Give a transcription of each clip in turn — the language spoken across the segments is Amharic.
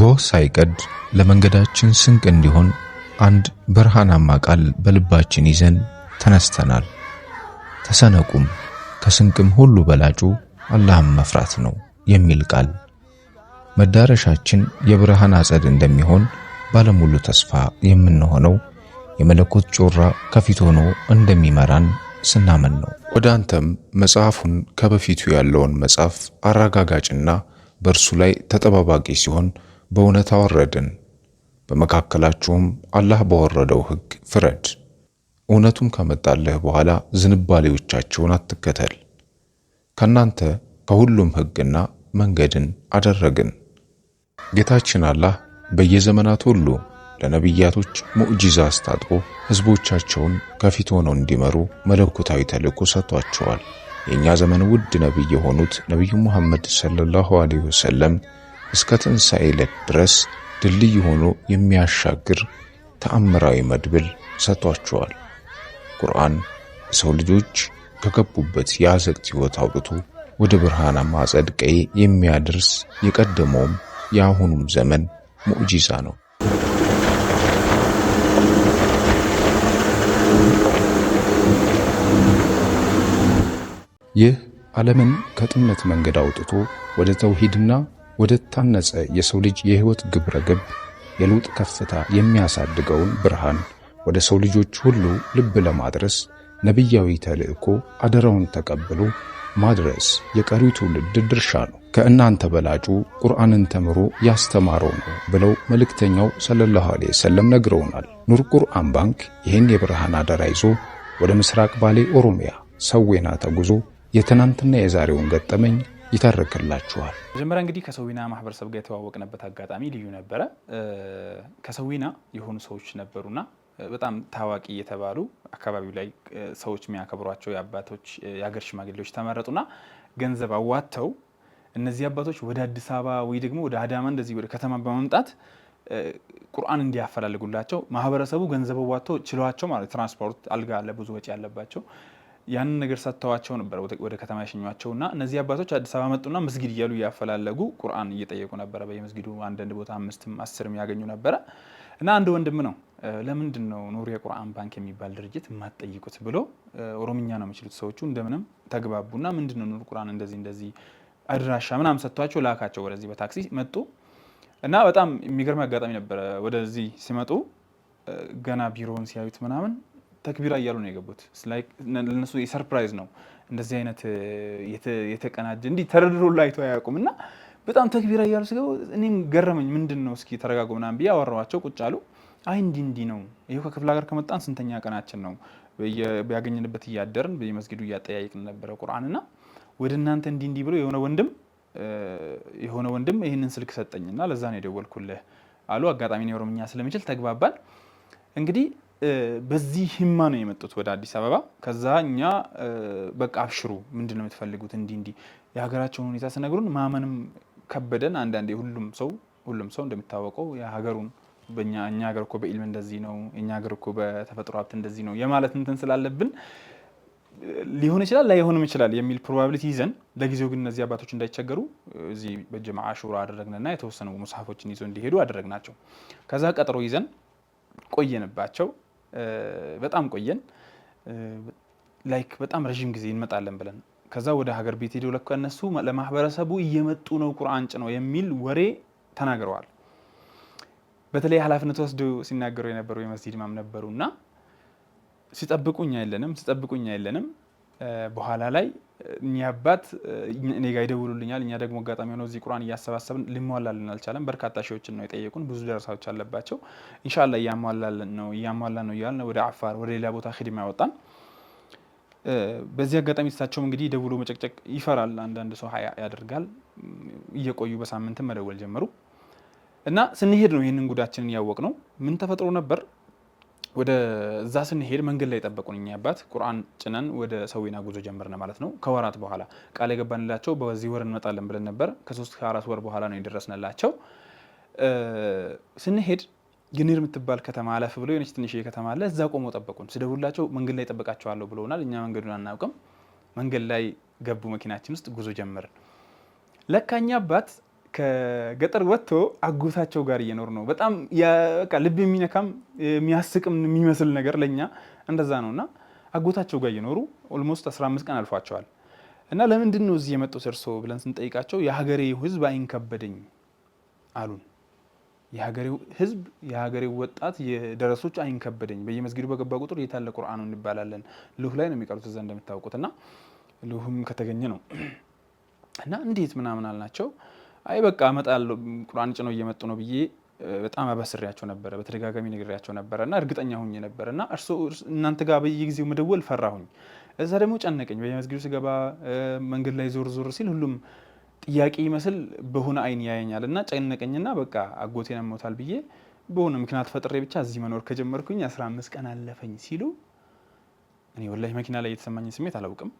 ጎህ ሳይቀድ ለመንገዳችን ስንቅ እንዲሆን አንድ ብርሃናማ ቃል በልባችን ይዘን ተነስተናል። ተሰነቁም ከስንቅም ሁሉ በላጩ አላህም መፍራት ነው የሚል ቃል። መዳረሻችን የብርሃን አጸድ እንደሚሆን ባለሙሉ ተስፋ የምንሆነው የመለኮት ጮራ ከፊት ሆኖ እንደሚመራን ስናመን ነው። ወደ አንተም መጽሐፉን ከበፊቱ ያለውን መጽሐፍ አረጋጋጭና በእርሱ ላይ ተጠባባቂ ሲሆን በእውነት አወረድን፣ በመካከላችሁም አላህ በወረደው ሕግ ፍረድ። እውነቱም ከመጣልህ በኋላ ዝንባሌዎቻቸውን አትከተል። ከናንተ ከሁሉም ሕግና መንገድን አደረግን። ጌታችን አላህ በየዘመናት ሁሉ ለነቢያቶች ሙዕጂዛ አስታጥቆ ሕዝቦቻቸውን ከፊት ሆነው እንዲመሩ መለኮታዊ ተልእኮ ሰጥቷቸዋል። የእኛ ዘመን ውድ ነቢይ የሆኑት ነቢዩ ሙሐመድ ሰለላሁ ዐለይሂ ወሰለም እስከ ትንሣኤ ዕለት ድረስ ድልድይ ሆኖ የሚያሻግር ተአምራዊ መድብል ሰጥቷቸዋል። ቁርአን የሰው ልጆች ከገቡበት የአዘቅት ሕይወት አውጥቶ ወደ ብርሃናማ ጸድቀዬ የሚያደርስ የቀደመውም የአሁኑም ዘመን ሙዕጂዛ ነው። ይህ ዓለምን ከጥመት መንገድ አውጥቶ ወደ ተውሂድና ወደ ታነጸ የሰው ልጅ የሕይወት ግብረ ግብ የለውጥ ከፍታ የሚያሳድገውን ብርሃን ወደ ሰው ልጆች ሁሉ ልብ ለማድረስ ነቢያዊ ተልእኮ አደራውን ተቀብሎ ማድረስ የቀሪው ትውልድ ድርሻ ነው። ከእናንተ በላጩ ቁርአንን ተምሮ ያስተማረው ነው ብለው መልእክተኛው ሰለላሁ ዐለይሂ ወሰለም ነግረውናል። ኑር ቁርአን ባንክ ይህን የብርሃን አደራ ይዞ ወደ ምስራቅ ባሌ ኦሮሚያ ሰዌና ተጉዞ የትናንትና የዛሬውን ገጠመኝ ይተርክላችኋል። መጀመሪያ እንግዲህ ከሰዊና ማህበረሰብ ጋር የተዋወቅንበት አጋጣሚ ልዩ ነበረ። ከሰዊና የሆኑ ሰዎች ነበሩና በጣም ታዋቂ የተባሉ አካባቢው ላይ ሰዎች የሚያከብሯቸው የአባቶች የሀገር ሽማግሌዎች ተመረጡና ገንዘብ አዋጥተው እነዚህ አባቶች ወደ አዲስ አበባ ወይ ደግሞ ወደ አዳማ እንደዚህ ወደ ከተማ በመምጣት ቁርአን እንዲያፈላልጉላቸው ማህበረሰቡ ገንዘብ አዋጥተው ችሏቸው ማለት ትራንስፖርት አልጋ አለ ብዙ ወጪ ያለባቸው ያንን ነገር ሰጥተዋቸው ነበር ወደ ከተማ ያሸኟቸው እና እነዚህ አባቶች አዲስ አበባ መጡና መስጊድ እያሉ እያፈላለጉ ቁርአን እየጠየቁ ነበረ። በየመስጊዱ አንዳንድ ቦታ አምስትም አስርም ያገኙ ነበረ እና አንድ ወንድም ነው ለምንድን ነው ኑር የቁርአን ባንክ የሚባል ድርጅት የማትጠይቁት ብሎ ኦሮምኛ ነው የሚችሉት ሰዎቹ እንደምንም ተግባቡና ምንድን ነው ኑር ቁርአን እንደዚህ እንደዚህ አድራሻ ምናምን ሰጥቷቸው ላካቸው ወደዚህ በታክሲ መጡ እና በጣም የሚገርም አጋጣሚ ነበረ። ወደዚህ ሲመጡ ገና ቢሮውን ሲያዩት ምናምን ተክቢራ እያሉ ነው የገቡት። ለእነሱ የሰርፕራይዝ ነው። እንደዚህ አይነት የተቀናጀ እንዲህ ተረድሮ ላይቶ አያውቁም እና በጣም ተክቢራ እያሉ ስገቡ እኔም ገረመኝ። ምንድን ነው እስኪ ተረጋጉ ምናምን ብዬ አወራኋቸው። ቁጭ አሉ። አይ እንዲህ እንዲህ ነው። ይኸው ከክፍለ ሀገር ከመጣን ስንተኛ ቀናችን ነው? ያገኘንበት እያደርን በየመስጊዱ እያጠያየቅን ነበረ ቁርአንና ወደ እናንተ እንዲህ እንዲህ ብሎ የሆነ ወንድም የሆነ ወንድም ይህንን ስልክ ሰጠኝና ለዛ ነው የደወልኩልህ አሉ። አጋጣሚ ኦሮምኛ ስለሚችል ተግባባል እንግዲህ በዚህ ህማ ነው የመጡት ወደ አዲስ አበባ። ከዛ እኛ በቃ አብሽሩ፣ ምንድን ነው የምትፈልጉት? እንዲህ እንዲህ የሀገራቸውን ሁኔታ ስነግሩን ማመንም ከበደን። አንዳንዴ ሁሉም ሰው ሁሉም ሰው እንደሚታወቀው የሀገሩን በእኛ እኛ ሀገር እኮ በኢልም እንደዚህ ነው፣ የእኛ ሀገር እኮ በተፈጥሮ ሀብት እንደዚህ ነው የማለት እንትን ስላለብን ሊሆን ይችላል ላይሆንም ይችላል የሚል ፕሮባብሊቲ ይዘን ለጊዜው ግን እነዚህ አባቶች እንዳይቸገሩ እዚህ በጀማዓ ሹራ አደረግንና የተወሰኑ መጽሐፎችን ይዞ እንዲሄዱ አደረግናቸው። ከዛ ቀጠሮ ይዘን ቆየንባቸው። በጣም ቆየን። ላይክ በጣም ረዥም ጊዜ እንመጣለን ብለን ከዛ ወደ ሀገር ቤት ሄደው ለካ እነሱ ለማህበረሰቡ እየመጡ ነው ቁርአን ጭነው የሚል ወሬ ተናግረዋል። በተለይ ኃላፊነት ወስደው ሲናገሩ የነበሩ የመስጂድ ማም ነበሩ እና ሲጠብቁኝ አይለንም ሲጠብቁኝ አይለንም በኋላ ላይ እኛ አባት እኔ ጋር ይደውሉልኛል። እኛ ደግሞ አጋጣሚ ሆነው እዚህ ቁርአን እያሰባሰብን ልሟላልን አልቻለም። በርካታ ሺዎችን ነው የጠየቁን። ብዙ ደረሳዎች አለባቸው። እንሻላ እያሟላልን ነው እያሟላ ነው እያልን ወደ አፋር ወደ ሌላ ቦታ ክድም ያወጣን። በዚህ አጋጣሚ እሳቸውም እንግዲህ ደውሎ መጨቅጨቅ ይፈራል። አንዳንድ ሰው ሀያ ያደርጋል። እየቆዩ በሳምንትም መደወል ጀመሩ እና ስንሄድ ነው ይህንን ጉዳችንን ያወቅ ነው። ምን ተፈጥሮ ነበር ወደ እዛ ስንሄድ መንገድ ላይ ጠበቁን እኛ አባት ቁርአን ጭነን ወደ ሰዊና ጉዞ ጀመርን ማለት ነው። ከወራት በኋላ ቃል የገባንላቸው በዚህ ወር እንመጣለን ብለን ነበር። ከሶስት ከአራት ወር በኋላ ነው የደረስንላቸው። ስንሄድ ግኒር የምትባል ከተማ አለፍ ብሎ የሆነች ትንሽ ከተማ አለ። እዛ ቆሞ ጠበቁን። ስደውላቸው መንገድ ላይ ጠበቃቸዋለሁ ብለውናል። እኛ መንገዱን አናውቅም። መንገድ ላይ ገቡ። መኪናችን ውስጥ ጉዞ ጀመርን። ለካኛ አባት ከገጠር ወጥቶ አጎታቸው ጋር እየኖር ነው። በጣም ልብ የሚነካም የሚያስቅም የሚመስል ነገር ለእኛ እንደዛ ነው እና አጎታቸው ጋር እየኖሩ ኦልሞስት 15 ቀን አልፏቸዋል እና ለምንድን ነው እዚህ የመጡት እርሶ ብለን ስንጠይቃቸው የሀገሬ ሕዝብ አይንከበደኝ አሉን። የሀገሬው ሕዝብ የሀገሬው ወጣት የደረሶች አይንከበደኝ። በየመስጊዱ በገባ ቁጥር የታለ ቁርአኑ እንባላለን። ልሁ ላይ ነው የሚቀሩት እዛ እንደምታውቁት እና ልሁም ከተገኘ ነው እና እንዴት ምናምን አልናቸው። አይ በቃ እመጣለሁ ቁርአን ጭነው እየመጡ ነው ብዬ በጣም አበስሬያቸው ነበረ። በተደጋጋሚ ነግሬያቸው ነበረ እና እርግጠኛ ሁኝ ነበረ እና እርሶ እናንተ ጋር በየጊዜው መደወል ፈራሁኝ። እዛ ደግሞ ጨነቀኝ። በየመስጊዱ ስገባ መንገድ ላይ ዞር ዞር ሲል ሁሉም ጥያቄ ይመስል በሆነ አይን ያየኛል እና ጨነቀኝና በቃ አጎቴ ነሞታል ብዬ በሆነ ምክንያት ፈጥሬ ብቻ እዚህ መኖር ከጀመርኩኝ 15 ቀን አለፈኝ ሲሉ እኔ ወላሂ መኪና ላይ የተሰማኝ ስሜት አላውቅም።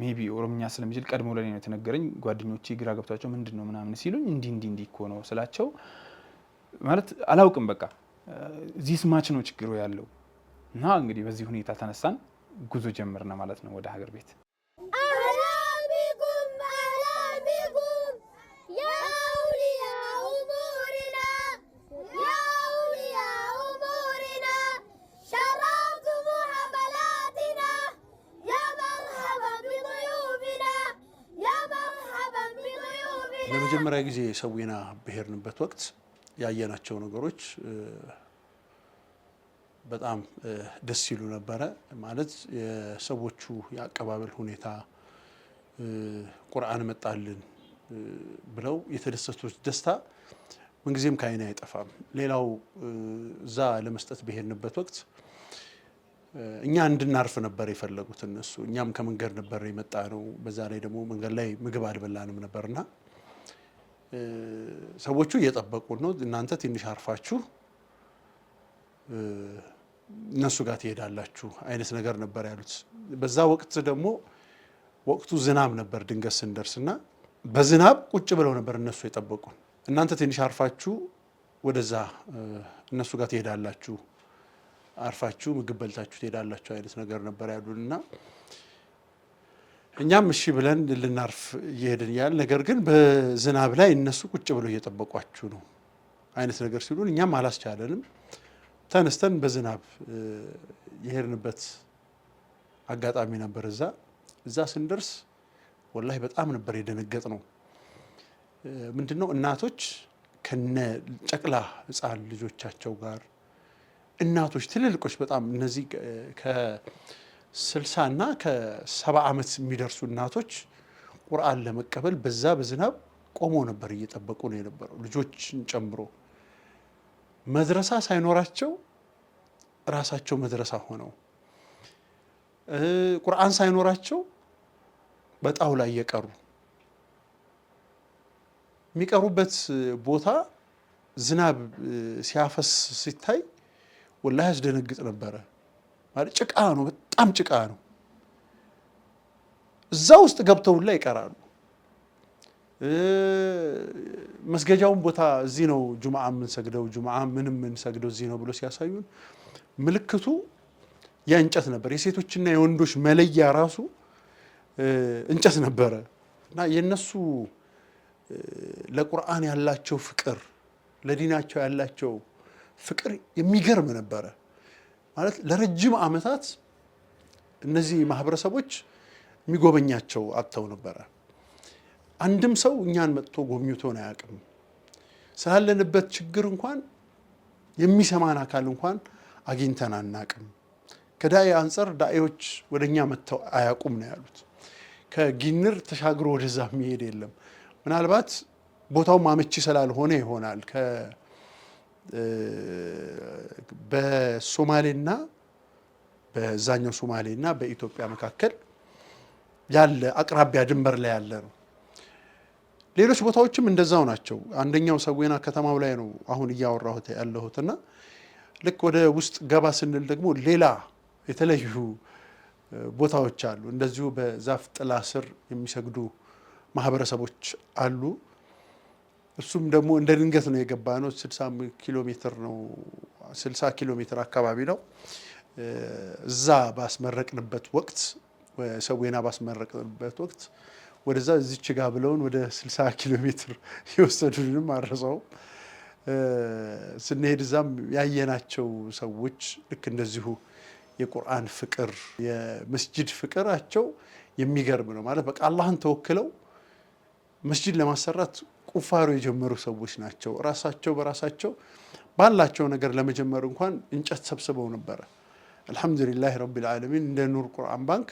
ሜቢ ኦሮምኛ ስለሚችል ቀድሞ ለኔ ነው የተነገረኝ። ጓደኞቼ ግራ ገብቷቸው ምንድን ነው ምናምን ሲሉኝ እንዲህ እንዲህ እንዲህ እኮ ነው ስላቸው ማለት አላውቅም በቃ እዚህ ስማች ነው ችግሩ ያለው እና እንግዲህ በዚህ ሁኔታ ተነሳን ጉዞ ጀመርነ ማለት ነው ወደ ሀገር ቤት ለመጀመሪያ ጊዜ ሰዊና ብሄርንበት ወቅት ያየናቸው ነገሮች በጣም ደስ ይሉ ነበረ። ማለት የሰዎቹ የአቀባበል ሁኔታ ቁርአን መጣልን ብለው የተደሰቱት ደስታ ምንጊዜም ከዓይኔ አይጠፋም። ሌላው እዛ ለመስጠት በሄድንበት ወቅት እኛ እንድናርፍ ነበር የፈለጉት እነሱ። እኛም ከመንገድ ነበር የመጣ ነው። በዛ ላይ ደግሞ መንገድ ላይ ምግብ አልበላንም ነበርና ሰዎቹ እየጠበቁን ነው፣ እናንተ ትንሽ አርፋችሁ እነሱ ጋር ትሄዳላችሁ አይነት ነገር ነበር ያሉት። በዛ ወቅት ደግሞ ወቅቱ ዝናብ ነበር። ድንገት ስንደርስ እና በዝናብ ቁጭ ብለው ነበር እነሱ የጠበቁን። እናንተ ትንሽ አርፋችሁ ወደዛ እነሱ ጋር ትሄዳላችሁ፣ አርፋችሁ ምግብ በልታችሁ ትሄዳላችሁ አይነት ነገር ነበር ያሉን እና እኛም እሺ ብለን ልናርፍ እየሄድን ያል ነገር ግን በዝናብ ላይ እነሱ ቁጭ ብለው እየጠበቋችሁ ነው አይነት ነገር ሲሉን እኛም አላስቻለንም። ተነስተን በዝናብ የሄድንበት አጋጣሚ ነበር። እዛ እዛ ስንደርስ ወላሂ በጣም ነበር የደነገጥ ነው። ምንድን ነው እናቶች ከነ ጨቅላ ህፃን ልጆቻቸው ጋር እናቶች ትልልቆች በጣም እነዚህ 60 እና ከ ዓመት የሚደርሱ እናቶች ቁርአን ለመቀበል በዛ በዝናብ ቆሞ ነበር እየጠበቁ ነው የነበረው፣ ልጆችን ጨምሮ መድረሳ ሳይኖራቸው ራሳቸው መድረሳ ሆነው ቁርአን ሳይኖራቸው በጣውላ እየቀሩ የሚቀሩበት ቦታ ዝናብ ሲያፈስ ሲታይ ወላሂ ያስደነግጥ ነበረ። ማለት ጭቃ ነው በጣም ጭቃ ነው። እዛ ውስጥ ገብተው ሁላ ይቀራሉ። መስገጃውን ቦታ እዚህ ነው ጁምዓ የምንሰግደው ጁምዓ ምንም የምንሰግደው እዚህ ነው ብሎ ሲያሳዩን ምልክቱ የእንጨት ነበር። የሴቶችና የወንዶች መለያ ራሱ እንጨት ነበረ እና የእነሱ ለቁርአን ያላቸው ፍቅር፣ ለዲናቸው ያላቸው ፍቅር የሚገርም ነበረ ማለት ለረጅም ዓመታት እነዚህ ማህበረሰቦች የሚጎበኛቸው አጥተው ነበረ። አንድም ሰው እኛን መጥቶ ጎብኝቶን አያውቅም። ስላለንበት ችግር እንኳን የሚሰማን አካል እንኳን አግኝተን አናውቅም። ከዳይ አንጻር ዳኤዎች ወደ እኛ መጥተው አያውቁም ነው ያሉት። ከጊንር ተሻግሮ ወደዛ የሚሄድ የለም። ምናልባት ቦታው አመቺ ስላልሆነ ይሆናል በሶማሌና በዛኛው ሶማሌ እና በኢትዮጵያ መካከል ያለ አቅራቢያ ድንበር ላይ ያለ ነው። ሌሎች ቦታዎችም እንደዛው ናቸው። አንደኛው ሰዌና ከተማው ላይ ነው አሁን እያወራሁት ያለሁትና ልክ ወደ ውስጥ ገባ ስንል ደግሞ ሌላ የተለዩ ቦታዎች አሉ። እንደዚሁ በዛፍ ጥላ ስር የሚሰግዱ ማህበረሰቦች አሉ። እሱም ደግሞ እንደ ድንገት ነው የገባ ነው። 60 ኪሎ ሜትር ነው 60 ኪሎ ሜትር አካባቢ ነው። እዛ ባስመረቅንበት ወቅት ሰዌና ባስመረቅንበት ወቅት ወደዛ እዚች ጋ ብለውን ወደ 60 ኪሎ ሜትር የወሰዱንም አረሰው ስንሄድ እዛም ያየናቸው ሰዎች ልክ እንደዚሁ የቁርአን ፍቅር የመስጅድ ፍቅራቸው የሚገርም ነው። ማለት በቃ አላህን ተወክለው መስጅድ ለማሰራት ቁፋሮ የጀመሩ ሰዎች ናቸው። ራሳቸው በራሳቸው ባላቸው ነገር ለመጀመር እንኳን እንጨት ሰብስበው ነበረ። አልሐምዱሊላህ ረቢል ዓለሚን እንደ ኑር ቁርአን ባንክ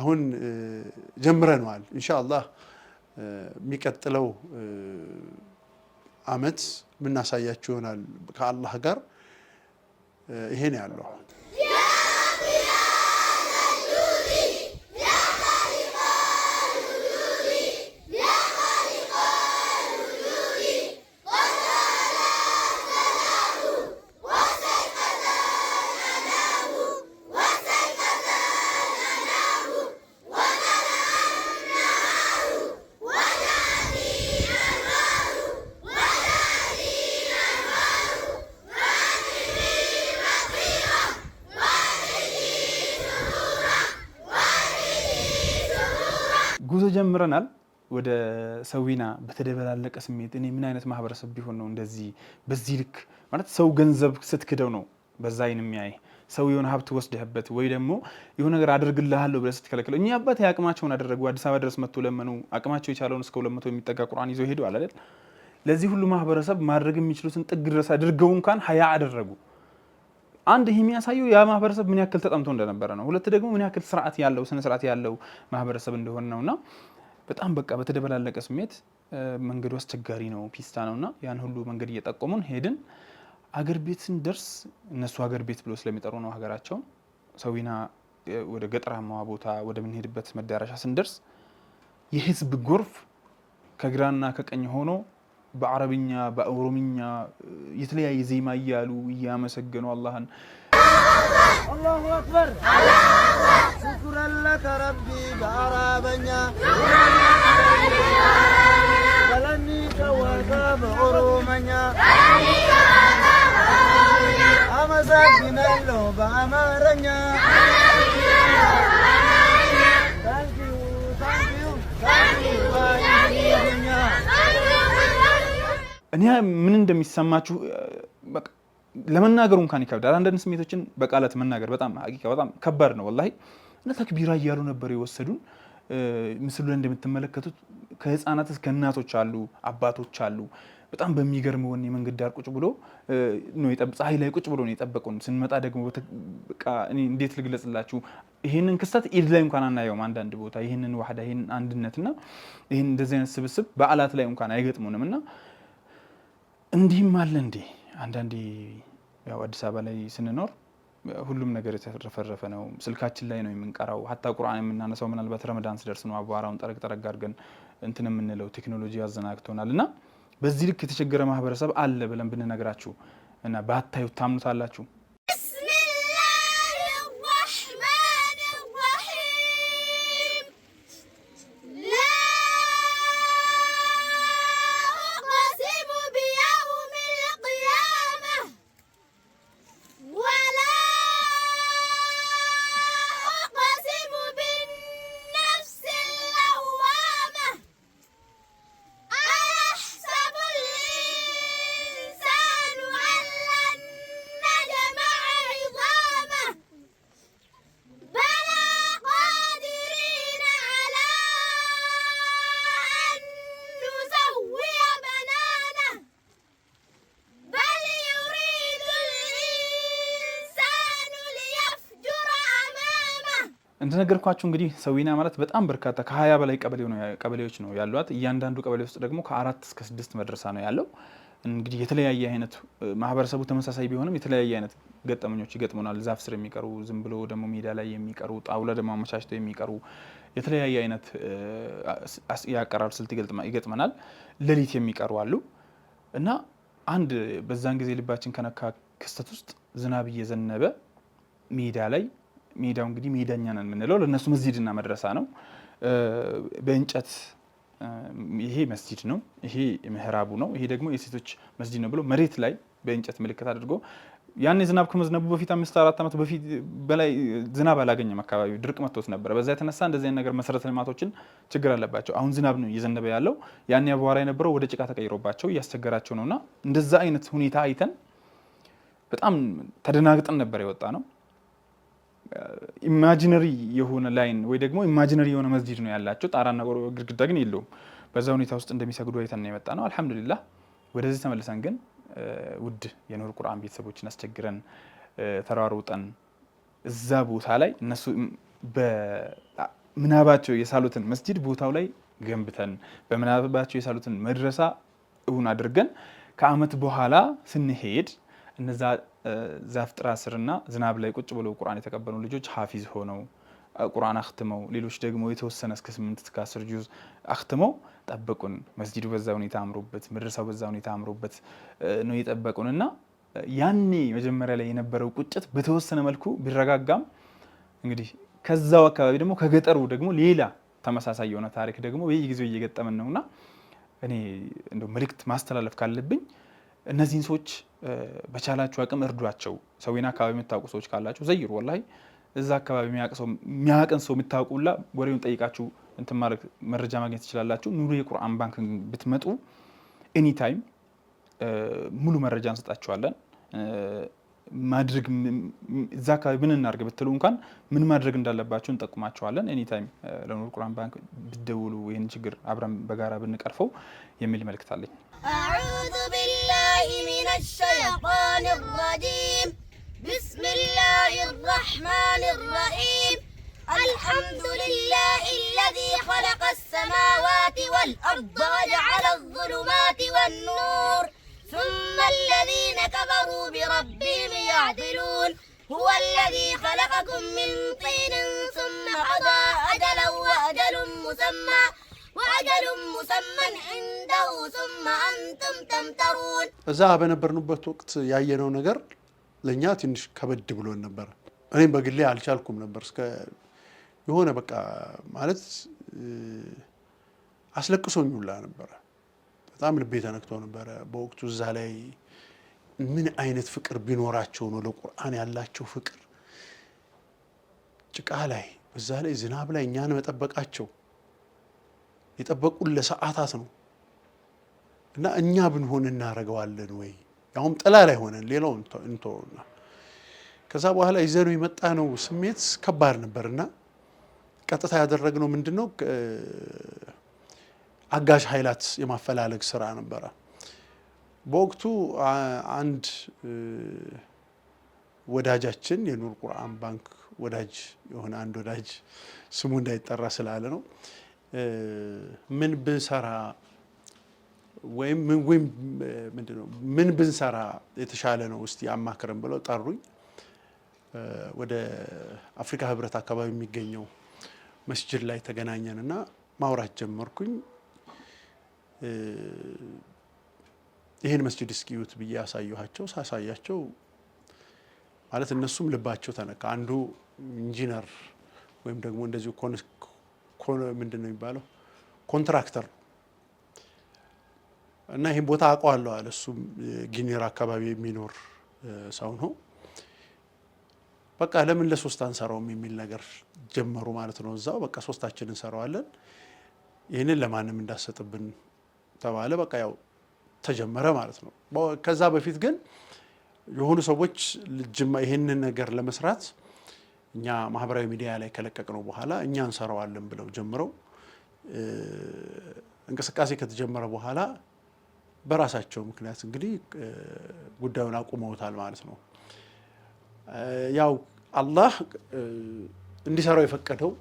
አሁን ጀምረነዋል። ኢንሻአላህ የሚቀጥለው አመት የምናሳያችሁ ይሆናል። ከአላህ ጋር ይሄን ያለው ጉዞ ጀምረናል ወደ ሰዊና በተደበላለቀ ስሜት። እኔ ምን አይነት ማህበረሰብ ቢሆን ነው እንደዚህ በዚህ ልክ ማለት ሰው ገንዘብ ስትክደው ነው በዛ አይን የሚያይ ሰው የሆነ ሀብት ወስደህበት ወይ ደግሞ የሆነ ነገር አድርግልሃለሁ ብለህ ስትከለክለው እኛ አባት አቅማቸውን አደረጉ። አዲስ አበባ ድረስ መጥቶ ለመኑ። አቅማቸው የቻለውን እስከ ሁለት መቶ የሚጠጋ ቁርአን ይዘው ሄደዋል አይደል? ለዚህ ሁሉ ማህበረሰብ ማድረግ የሚችሉትን ጥግ ድረስ አድርገው እንኳን ሀያ አደረጉ። አንድ ይሄ የሚያሳየው ያ ማህበረሰብ ምን ያክል ተጠምቶ እንደነበረ ነው። ሁለት ደግሞ ምን ያክል ስርዓት ያለው ስነ ስርዓት ያለው ማህበረሰብ እንደሆነ እና በጣም በቃ በተደበላለቀ ስሜት መንገዱ አስቸጋሪ ነው፣ ፒስታ እና ያን ሁሉ መንገድ እየጠቆሙን ሄድን። አገር ቤት ስንደርስ እነሱ አገር ቤት ብሎ ስለሚጠሩ ነው ሀገራቸውን ሰዊና ወደ ገጠራማ ቦታ ወደምንሄድበት መዳረሻ ስንደርስ የህዝብ ጎርፍ ከግራና ከቀኝ ሆኖ በአረብኛ በኦሮምኛ የተለያየ ዜማ እያሉ እያመሰገኑ አላህን አላሁ አክበር ሽኩረለከ ረቢ በአረበኛ በለኒ ተዋጋ በኦሮመኛ አመሰግናለሁ በአማረኛ ታንኪዩ ታንኪዩ ታንኪዩ እኔ ምን እንደሚሰማችሁ ለመናገሩ እንኳን ይከብዳል። አንዳንድ ስሜቶችን በቃላት መናገር በጣም ሀቂቃ በጣም ከባድ ነው ወላሂ። እና ተክቢራ እያሉ ነበር የወሰዱን። ምስሉ ላይ እንደምትመለከቱት ከህፃናት እስከ እናቶች አሉ፣ አባቶች አሉ። በጣም በሚገርም ሆን መንገድ ዳር ቁጭ ብሎ ፀሐይ ላይ ቁጭ ብሎ ነው የጠበቁን። ስንመጣ ደግሞ እንዴት ልግለጽላችሁ ይህንን ክስተት ኢድ ላይ እንኳን አናየውም። አንዳንድ ቦታ ይህንን ዋህዳ፣ ይህንን አንድነትና ይህን እንደዚህ አይነት ስብስብ በዓላት ላይ እንኳን አይገጥሙንም እና እንዲህም አለ እንዴ! አንዳንዴ ያው አዲስ አበባ ላይ ስንኖር ሁሉም ነገር የተረፈረፈ ነው። ስልካችን ላይ ነው የምንቀራው። ሀታ ቁርአን የምናነሳው ምናልባት ረመዳን ስደርስ ነው። አቧራውን ጠረቅ ጠረግ አድርገን እንትን የምንለው ቴክኖሎጂ ያዘናግቶናል። እና በዚህ ልክ የተቸገረ ማህበረሰብ አለ ብለን ብንነግራችሁ እና ባታዩ ታምኑታላችሁ? እንደነገርኳችሁ እንግዲህ ሰዊና ማለት በጣም በርካታ ከሀያ በላይ ቀበሌዎች ነው ያሏት። እያንዳንዱ ቀበሌ ውስጥ ደግሞ ከአራት እስከ ስድስት መድረሳ ነው ያለው። እንግዲህ የተለያየ አይነት ማህበረሰቡ ተመሳሳይ ቢሆንም የተለያየ አይነት ገጠመኞች ይገጥመናል። ዛፍ ስር የሚቀሩ ዝም ብሎ ደግሞ ሜዳ ላይ የሚቀሩ ጣውላ ደግሞ አመቻችተው የሚቀሩ የተለያየ አይነት የአቀራር ስልት ይገጥመናል። ሌሊት የሚቀሩ አሉ እና አንድ በዛን ጊዜ ልባችን ከነካ ክስተት ውስጥ ዝናብ እየዘነበ ሜዳ ላይ ሜዳው እንግዲህ ሜዳኛ ነን የምንለው ለእነሱ መስጂድና መድረሳ ነው። በእንጨት ይሄ መስጂድ ነው፣ ይሄ ምህራቡ ነው፣ ይሄ ደግሞ የሴቶች መስጂድ ነው ብሎ መሬት ላይ በእንጨት ምልክት አድርጎ ያኔ ዝናብ ከመዝነቡ በፊት አምስት አራት ዓመት በፊት በላይ ዝናብ አላገኘም አካባቢ ድርቅ መጥቶት ነበረ። በዛ የተነሳ እንደዚህ ነገር መሰረተ ልማቶችን ችግር አለባቸው። አሁን ዝናብ ነው እየዘነበ ያለው። ያኔ አቧራ የነበረው ወደ ጭቃ ተቀይሮባቸው እያስቸገራቸው እና እንደዛ አይነት ሁኔታ አይተን በጣም ተደናግጠን ነበር የወጣ ነው። ኢማጂነሪ uh, የሆነ ላይን ወይ ደግሞ ኢማጂነሪ የሆነ መስጂድ ነው ያላቸው። ጣራና ግድግዳ ግን የለውም። በዛ ሁኔታ ውስጥ እንደሚሰግዱ አይተን የመጣ ነው። አልሐምዱሊላህ ወደዚህ ተመልሰን ግን uh, ውድ የኑር ቁርአን ቤተሰቦችን አስቸግረን uh, ተሯሩጠን እዛ ቦታ ላይ እነሱ በምናባቸው የሳሉትን መስጂድ ቦታው ላይ ገንብተን በምናባቸው የሳሉትን መድረሳ እውን አድርገን ከአመት በኋላ ስንሄድ እነዛ ዛፍ ጥራ ስርና ዝናብ ላይ ቁጭ ብለው ቁርአን የተቀበሉ ልጆች ሀፊዝ ሆነው ቁርአን አክትመው፣ ሌሎች ደግሞ የተወሰነ እስከ ስምንት እስከ አስር ጁዝ አክትመው ጠበቁን። መስጂዱ በዛ ሁኔታ አምሮበት፣ መድረሳው በዛ ሁኔታ አምሮበት ነው የጠበቁን እና ያኔ መጀመሪያ ላይ የነበረው ቁጭት በተወሰነ መልኩ ቢረጋጋም እንግዲህ ከዛው አካባቢ ደግሞ ከገጠሩ ደግሞ ሌላ ተመሳሳይ የሆነ ታሪክ ደግሞ በየጊዜው እየገጠመን ነውና እኔ እንደው መልእክት ማስተላለፍ ካለብኝ እነዚህን ሰዎች በቻላችሁ አቅም እርዷቸው። ሰዊና አካባቢ የምታውቁ ሰዎች ካላችሁ ዘይሩ። ወላሂ እዛ አካባቢ የሚያቅን ሰው የምታውቁላ ወሬውን ጠይቃችሁ እንትን መረጃ ማግኘት ትችላላችሁ። ኑሩ የቁርአን ባንክ ብትመጡ ታይም ሙሉ መረጃ እንሰጣችኋለን። ማድረግ እዛ አካባቢ ምን እናድርግ ብትሉ እንኳን ምን ማድረግ እንዳለባችሁ እንጠቁማችኋለን። ኤኒታይም ለኑር ቁርአን ባንክ ብትደውሉ ይህን ችግር አብረን በጋራ ብንቀርፈው የሚል መልእክት አለኝ። الشيطان الرجيم بسم الله الرحمن الرحيم الحمد لله الذي خلق السماوات والأرض وجعل الظلمات والنور ثم الذين كفروا بربهم يعدلون هو الذي خلقكم من طين ثم قضى أجلا وأجل مسمى እዛ በነበርንበት ወቅት ያየነው ነገር ለእኛ ትንሽ ከበድ ብሎን ነበር እኔም በግሌ አልቻልኩም ነበር እስከ የሆነ በቃ ማለት አስለቅሶኝ ሁላ ነበረ። በጣም ልቤ ተነክቶ ነበረ በወቅቱ እዛ ላይ ምን አይነት ፍቅር ቢኖራቸው ነው ለቁርአን ያላቸው ፍቅር ጭቃ ላይ በዛ ላይ ዝናብ ላይ እኛን መጠበቃቸው የጠበቁን ለሰዓታት ነው እና እኛ ብንሆን እናደርገዋለን ወይ? አሁን ጥላ ላይ ሆነን ሌላው እንተውና ከዛ በኋላ ይዘነው የመጣ ነው ስሜት ከባድ ነበርና ቀጥታ ያደረግነው ምንድን ነው አጋዥ ኃይላት የማፈላለግ ስራ ነበረ። በወቅቱ አንድ ወዳጃችን የኑር ቁርአን ባንክ ወዳጅ የሆነ አንድ ወዳጅ ስሙ እንዳይጠራ ስላለ ነው ምን ብንሰራ ወይም ምን ብንሰራ የተሻለ ነው እስቲ አማክረን ብለው ጠሩኝ። ወደ አፍሪካ ህብረት አካባቢ የሚገኘው መስጅድ ላይ ተገናኘን እና ማውራት ጀመርኩኝ። ይህን መስጅድ እስኪዩት ብዬ ያሳየኋቸው ሳሳያቸው ማለት እነሱም ልባቸው ተነካ። አንዱ ኢንጂነር ወይም ደግሞ እንደዚሁ ምንድን ነው የሚባለው ኮንትራክተር ነው እና ይህን ቦታ አውቀዋለሁ አለ። እሱም ጊኒር አካባቢ የሚኖር ሰው ነው። በቃ ለምን ለሶስት አንሰራውም የሚል ነገር ጀመሩ ማለት ነው። እዛው በቃ ሶስታችን እንሰራዋለን፣ ይህንን ለማንም እንዳሰጥብን ተባለ። በቃ ያው ተጀመረ ማለት ነው። ከዛ በፊት ግን የሆኑ ሰዎች ልጅማ ይህንን ነገር ለመስራት እኛ ማህበራዊ ሚዲያ ላይ ከለቀቅነው በኋላ እኛ እንሰራዋለን ብለው ጀምረው እንቅስቃሴ ከተጀመረ በኋላ በራሳቸው ምክንያት እንግዲህ ጉዳዩን አቁመውታል ማለት ነው። ያው አላህ እንዲሰራው የፈቀደው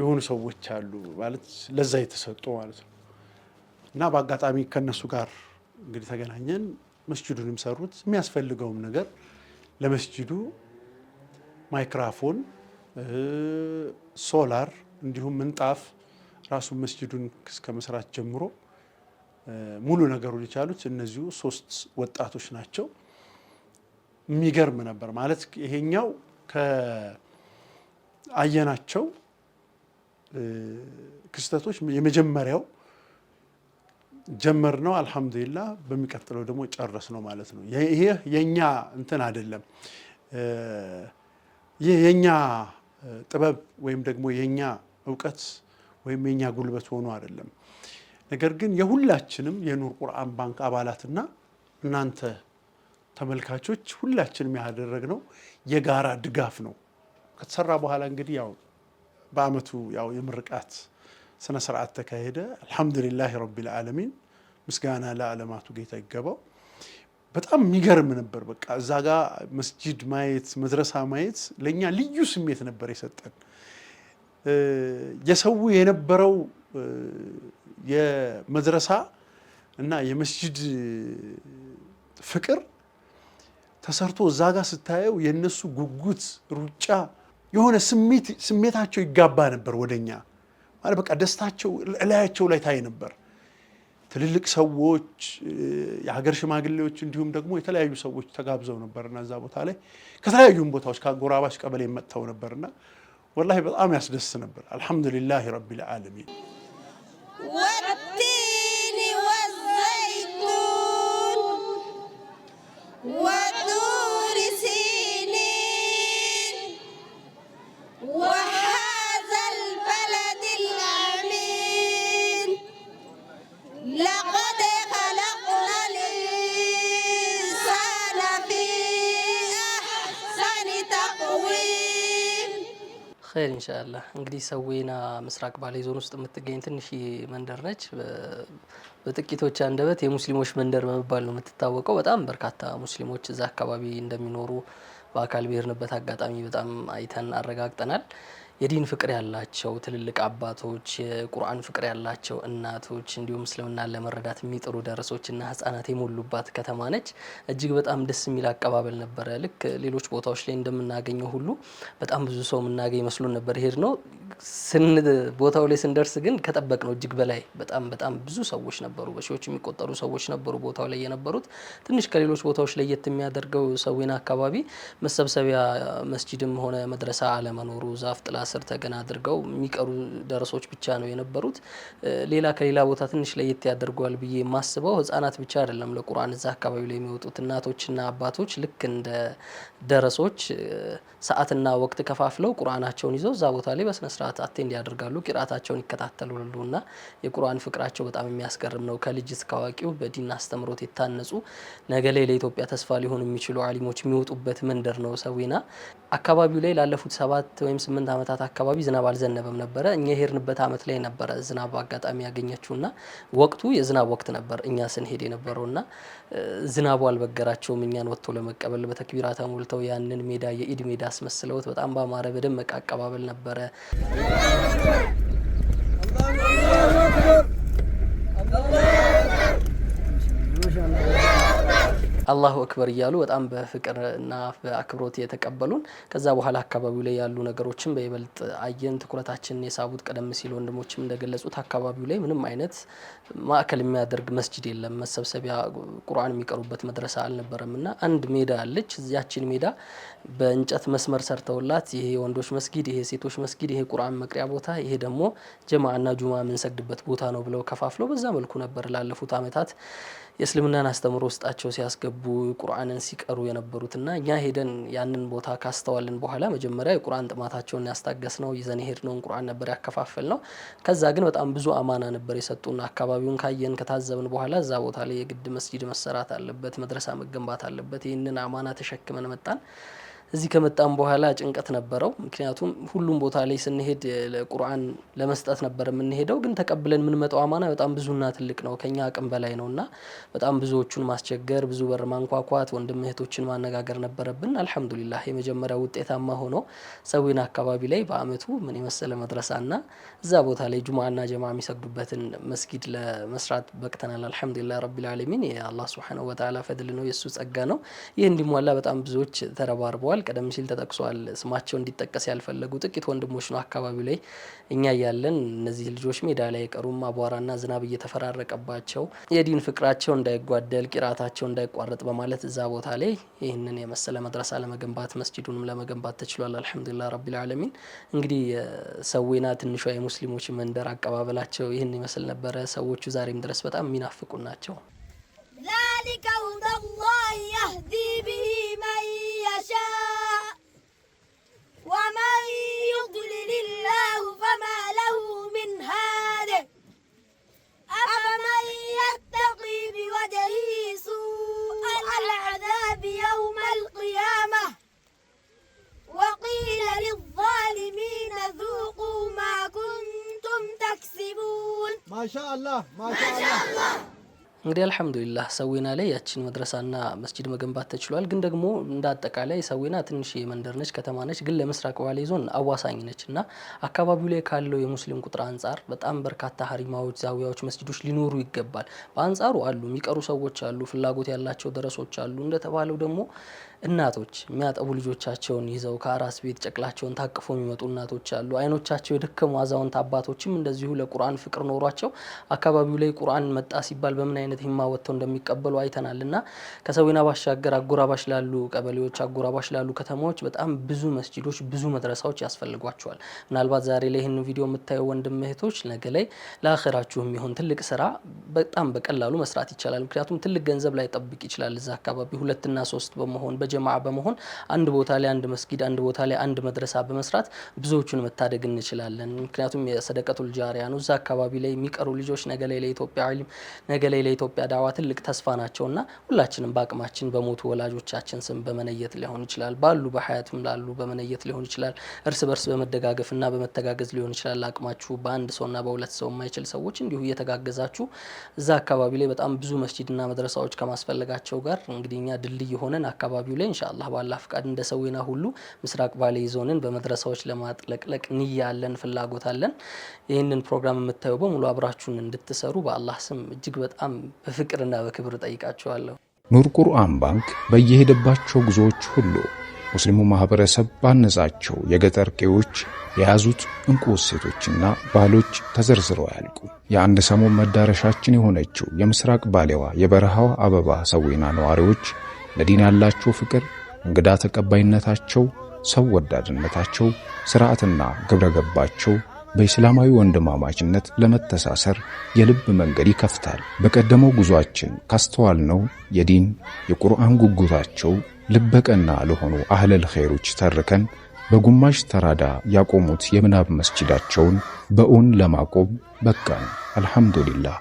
የሆኑ ሰዎች አሉ ማለት ለዛ የተሰጡ ማለት ነው እና በአጋጣሚ ከነሱ ጋር እንግዲህ ተገናኘን። መስጅዱንም ሰሩት። የሚያስፈልገውም ነገር ለመስጅዱ ማይክራፎን፣ ሶላር እንዲሁም ምንጣፍ ራሱን መስጅዱን እስከ መስራት ጀምሮ ሙሉ ነገሩን የቻሉት እነዚሁ ሶስት ወጣቶች ናቸው። የሚገርም ነበር ማለት ይሄኛው ከአየናቸው ክስተቶች የመጀመሪያው ጀመር ነው። አልሐምዱሊላ በሚቀጥለው ደግሞ ጨረስ ነው ማለት ነው። ይሄ የእኛ እንትን አይደለም። ይህ የኛ ጥበብ ወይም ደግሞ የኛ እውቀት ወይም የኛ ጉልበት ሆኖ አይደለም። ነገር ግን የሁላችንም የኑር ቁርአን ባንክ አባላትና እናንተ ተመልካቾች ሁላችንም ያደረግነው የጋራ ድጋፍ ነው። ከተሰራ በኋላ እንግዲህ ያው በአመቱ ያው የምርቃት ስነ ስርዓት ተካሄደ። አልሐምዱሊላህ ረቢል ዓለሚን ምስጋና ለዓለማቱ ጌታ ይገባው። በጣም የሚገርም ነበር። በቃ እዛ ጋ መስጂድ ማየት መድረሳ ማየት ለእኛ ልዩ ስሜት ነበር የሰጠን። የሰው የነበረው የመድረሳ እና የመስጂድ ፍቅር ተሰርቶ እዛ ጋ ስታየው የእነሱ ጉጉት፣ ሩጫ የሆነ ስሜታቸው ይጋባ ነበር ወደኛ ማለት በቃ ደስታቸው እላያቸው ላይ ታይ ነበር። ትልልቅ ሰዎች፣ የሀገር ሽማግሌዎች እንዲሁም ደግሞ የተለያዩ ሰዎች ተጋብዘው ነበርና እዛ ቦታ ላይ ከተለያዩም ቦታዎች ከአጎራባች ቀበሌ መጥተው ነበርና ወላሂ በጣም ያስደስት ነበር። አልሐምዱሊላህ ረቢል ዓለሚን ኸይር እንሻላ እንግዲህ ሰዌና ምስራቅ ባሌ ዞን ውስጥ የምትገኝ ትንሽ መንደር ነች። በጥቂቶች አንደበት የሙስሊሞች መንደር በመባል ነው የምትታወቀው። በጣም በርካታ ሙስሊሞች እዛ አካባቢ እንደሚኖሩ በአካል ብሄርንበት አጋጣሚ በጣም አይተን አረጋግጠናል። የዲን ፍቅር ያላቸው ትልልቅ አባቶች፣ የቁርአን ፍቅር ያላቸው እናቶች እንዲሁም እስልምና ለመረዳት የሚጥሩ ደረሶችና ህጻናት የሞሉባት ከተማ ነች። እጅግ በጣም ደስ የሚል አቀባበል ነበረ። ልክ ሌሎች ቦታዎች ላይ እንደምናገኘው ሁሉ በጣም ብዙ ሰው የምናገኝ መስሎን ነበር ሄድ ነው ቦታው ላይ ስንደርስ ግን ከጠበቅ ነው እጅግ በላይ በጣም በጣም ብዙ ሰዎች ነበሩ። በሺዎች የሚቆጠሩ ሰዎች ነበሩ ቦታው ላይ የነበሩት። ትንሽ ከሌሎች ቦታዎች ለየት የሚያደርገው ሰዌና አካባቢ መሰብሰቢያ መስጂድም ሆነ መድረሳ አለመኖሩ ዛፍ ጥላ ስር ተገና አድርገው የሚቀሩ ደረሶች ብቻ ነው የነበሩት። ሌላ ከሌላ ቦታ ትንሽ ለየት ያደርገዋል ብዬ የማስበው ህጻናት ብቻ አይደለም ለቁርአን እዛ አካባቢ ላይ የሚወጡት እናቶችና አባቶች ልክ እንደ ደረሶች ሰዓትና ወቅት ከፋፍለው ቁርአናቸውን ይዘው እዛ ቦታ ላይ በስነስርዓት አቴንድ ያደርጋሉ። ቂራታቸውን ይከታተላሉ እና የቁርአን ፍቅራቸው በጣም የሚያስገርም ነው። ከልጅ እስከ አዋቂው በዲን አስተምሮት የታነጹ ነገ ላይ ለኢትዮጵያ ተስፋ ሊሆኑ የሚችሉ አሊሞች የሚወጡበት መንደር ነው ሰዌና። አካባቢው ላይ ላለፉት ሰባት ወይም ስምንት ዓመታት ዓመታት አካባቢ ዝናብ አልዘነበም ነበረ። እኛ የሄድንበት አመት ላይ ነበረ ዝናብ አጋጣሚ ያገኘችው እና ወቅቱ የዝናብ ወቅት ነበር እኛ ስንሄድ የነበረው እና ዝናቡ አልበገራቸውም እኛን ወጥቶ ለመቀበል በተክቢራ ተሞልተው ያንን ሜዳ የኢድ ሜዳ አስመስለውት በጣም በአማረ በደመቀ አቀባበል ነበረ። አላሁ አክበር እያሉ በጣም በፍቅር እና በአክብሮት የተቀበሉን ከዛ በኋላ አካባቢው ላይ ያሉ ነገሮችን በይበልጥ አየን፣ ትኩረታችንን የሳቡት። ቀደም ሲል ወንድሞችም እንደገለጹት አካባቢው ላይ ምንም አይነት ማዕከል የሚያደርግ መስጅድ የለም፣ መሰብሰቢያ ቁርአን የሚቀሩበት መድረሳ አልነበረም እና አንድ ሜዳ አለች። እዚያችን ሜዳ በእንጨት መስመር ሰርተውላት ይሄ የወንዶች መስጊድ፣ ይሄ ሴቶች መስጊድ፣ ይሄ ቁርአን መቅሪያ ቦታ፣ ይሄ ደግሞ ጀማዓና ጁማ የምንሰግድበት ቦታ ነው ብለው ከፋፍለው በዛ መልኩ ነበር ላለፉት አመታት የእስልምናን አስተምሮ ውስጣቸው ሲያስገቡ ቁርአንን ሲቀሩ የነበሩትና እኛ ሄደን ያንን ቦታ ካስተዋልን በኋላ መጀመሪያ የቁርአን ጥማታቸውን ያስታገስ ነው ይዘን ነውን ቁርአን ነበር ያከፋፈል ነው። ከዛ ግን በጣም ብዙ አማና ነበር የሰጡና አካባቢውን ካየን ከታዘብን በኋላ እዛ ቦታ ላይ የግድ መስጂድ መሰራት አለበት፣ መድረሳ መገንባት አለበት። ይህንን አማና ተሸክመን መጣን። እዚህ ከመጣም በኋላ ጭንቀት ነበረው። ምክንያቱም ሁሉም ቦታ ላይ ስንሄድ ቁርአን ለመስጠት ነበር የምንሄደው፣ ግን ተቀብለን የምንመጣው አማና በጣም ብዙና ትልቅ ነው፣ ከኛ አቅም በላይ ነው እና በጣም ብዙዎቹን ማስቸገር፣ ብዙ በር ማንኳኳት፣ ወንድም እህቶችን ማነጋገር ነበረብን። አልሐምዱሊላህ የመጀመሪያ ውጤታማ ሆኖ ሰዊን አካባቢ ላይ በአመቱ ምን የመሰለ መድረሳና እዛ ቦታ ላይ ጁማና ጀማ የሚሰግዱበትን መስጊድ ለመስራት በቅተናል። አልሐምዱሊላህ ረቢል ዓለሚን የአላህ ስብሓነሁ ወተዓላ ፈድል ነው፣ የእሱ ጸጋ ነው። ይህ እንዲሟላ በጣም ብዙዎች ተረባርበዋል። ይላል። ቀደም ሲል ተጠቅሷል። ስማቸው እንዲጠቀስ ያልፈለጉ ጥቂት ወንድሞች ነው አካባቢው ላይ እኛ እያለን እነዚህ ልጆች ሜዳ ላይ የቀሩም አቧራና ዝናብ እየተፈራረቀባቸው የዲን ፍቅራቸው እንዳይጓደል፣ ቂራታቸው እንዳይቋረጥ በማለት እዛ ቦታ ላይ ይህንን የመሰለ መድረሳ ለመገንባት መስጂዱንም ለመገንባት ተችሏል። አልሐምዱላ ረቢል ዓለሚን። እንግዲህ ሰዌና ትንሿ የሙስሊሞች መንደር አቀባበላቸው ይህን ይመስል ነበረ። ሰዎቹ ዛሬም ድረስ በጣም የሚናፍቁን ናቸው። ذلك هدى الله يهدي به من يشاء ومن يضلل الله فما له من هاد أفمن يتقي بوجهه سوء العذاب يوم القيامة وقيل للظالمين ذوقوا ما كنتم تكسبون ما شاء الله ما شاء الله እንግዲህ አልሐምዱሊላህ ሰዊና ላይ ያችን መድረሳና መስጂድ መገንባት ተችሏል። ግን ደግሞ እንደ አጠቃላይ ሰዊና ትንሽ የመንደር ነች፣ ከተማ ነች። ግን ለምስራቅ ባሌ ዞን አዋሳኝ ነች እና አካባቢው ላይ ካለው የሙስሊም ቁጥር አንጻር በጣም በርካታ ሀሪማዎች፣ ዛዊያዎች፣ መስጂዶች ሊኖሩ ይገባል። በአንጻሩ አሉ፣ የሚቀሩ ሰዎች አሉ፣ ፍላጎት ያላቸው ደረሶች አሉ። እንደተባለው ደግሞ እናቶች የሚያጠቡ ልጆቻቸውን ይዘው ከአራስ ቤት ጨቅላቸውን ታቅፎ የሚመጡ እናቶች አሉ። አይኖቻቸው የደከሙ አዛውንት አባቶችም እንደዚሁ ለቁርአን ፍቅር ኖሯቸው አካባቢው ላይ ቁርአን መጣ ሲባል በምን አይነት የማወጥተው እንደሚቀበሉ አይተናል። እና ከሰዊና ባሻገር አጎራባሽ ላሉ ቀበሌዎች፣ አጎራባሽ ላሉ ከተማዎች በጣም ብዙ መስጂዶች፣ ብዙ መድረሳዎች ያስፈልጓቸዋል። ምናልባት ዛሬ ላይ ይህን ቪዲዮ የምታየው ወንድም እህቶች ነገ ላይ ለአኸራችሁ የሚሆን ትልቅ ስራ በጣም በቀላሉ መስራት ይቻላል። ምክንያቱም ትልቅ ገንዘብ ላይጠብቅ ይችላል። እዛ አካባቢ ሁለትና ሶስት በመሆን በጀማ በመሆን አንድ ቦታ ላይ አንድ መስጊድ፣ አንድ ቦታ ላይ አንድ መድረሳ በመስራት ብዙዎቹን መታደግ እንችላለን። ምክንያቱም የሰደቀቱል ጃሪያ ነው። እዛ አካባቢ ላይ የሚቀሩ ልጆች ነገ ላይ ለኢትዮጵያ ዒልም፣ ነገ ላይ ለኢትዮጵያ ዳዋ ትልቅ ተስፋ እና ሁላችንም በአቅማችን በሞቱ ወላጆቻችን ስም በመነየት ሊሆን ይችላል፣ ባሉ በሀያትም ላሉ በመነየት ሊሆን ይችላል፣ እርስ በርስ በመደጋገፍና በመተጋገዝ ሊሆን ይችላል። አቅማችሁ በአንድ ሰውና በሁለት ሰው የማይችል ሰዎች እንዲሁ እየተጋገዛችሁ እዛ አካባቢ ላይ በጣም ብዙ መስጂድና መድረሳዎች ከማስፈለጋቸው ጋር እንግዲህ እኛ ድልድይ የሆነን አካባቢው ላይ ኢንሻአላህ ባላ ፍቃድ እንደ ሰዊና ሁሉ ምስራቅ ባሌ ዞንን በመድረሳዎች ለማጥለቅለቅ ንያለን ፍላጎት አለን። ይህንን ፕሮግራም የምታዩ በሙሉ አብራችሁን እንድትሰሩ በአላህ ስም እጅግ በጣም በፍቅርና በክብር ጠይቃችኋለሁ። ኑር ቁርአን ባንክ በየሄደባቸው ጉዞዎች ሁሉ ሙስሊሙ ማህበረሰብ ባነጻቸው የገጠር ቄዎች የያዙት እንቁ ሴቶችና ባህሎች ተዘርዝረው አያልቁ። የአንድ ሰሞን መዳረሻችን የሆነችው የምስራቅ ባሌዋ የበረሃው አበባ ሰዊና ነዋሪዎች ለዲን ያላቸው ፍቅር፣ እንግዳ ተቀባይነታቸው፣ ሰው ወዳድነታቸው፣ ስርዓትና ግብረ ገባቸው በእስላማዊ ወንድማማችነት ለመተሳሰር የልብ መንገድ ይከፍታል። በቀደመው ጉዟችን ካስተዋልነው የዲን የቁርአን ጉጉታቸው ልበቀና ለሆኑ አህለል ኸይሮች ተርከን በጉማሽ ተራዳ ያቆሙት የምናብ መስጂዳቸውን በእውን ለማቆም በቃን። አልሐምዱሊላህ።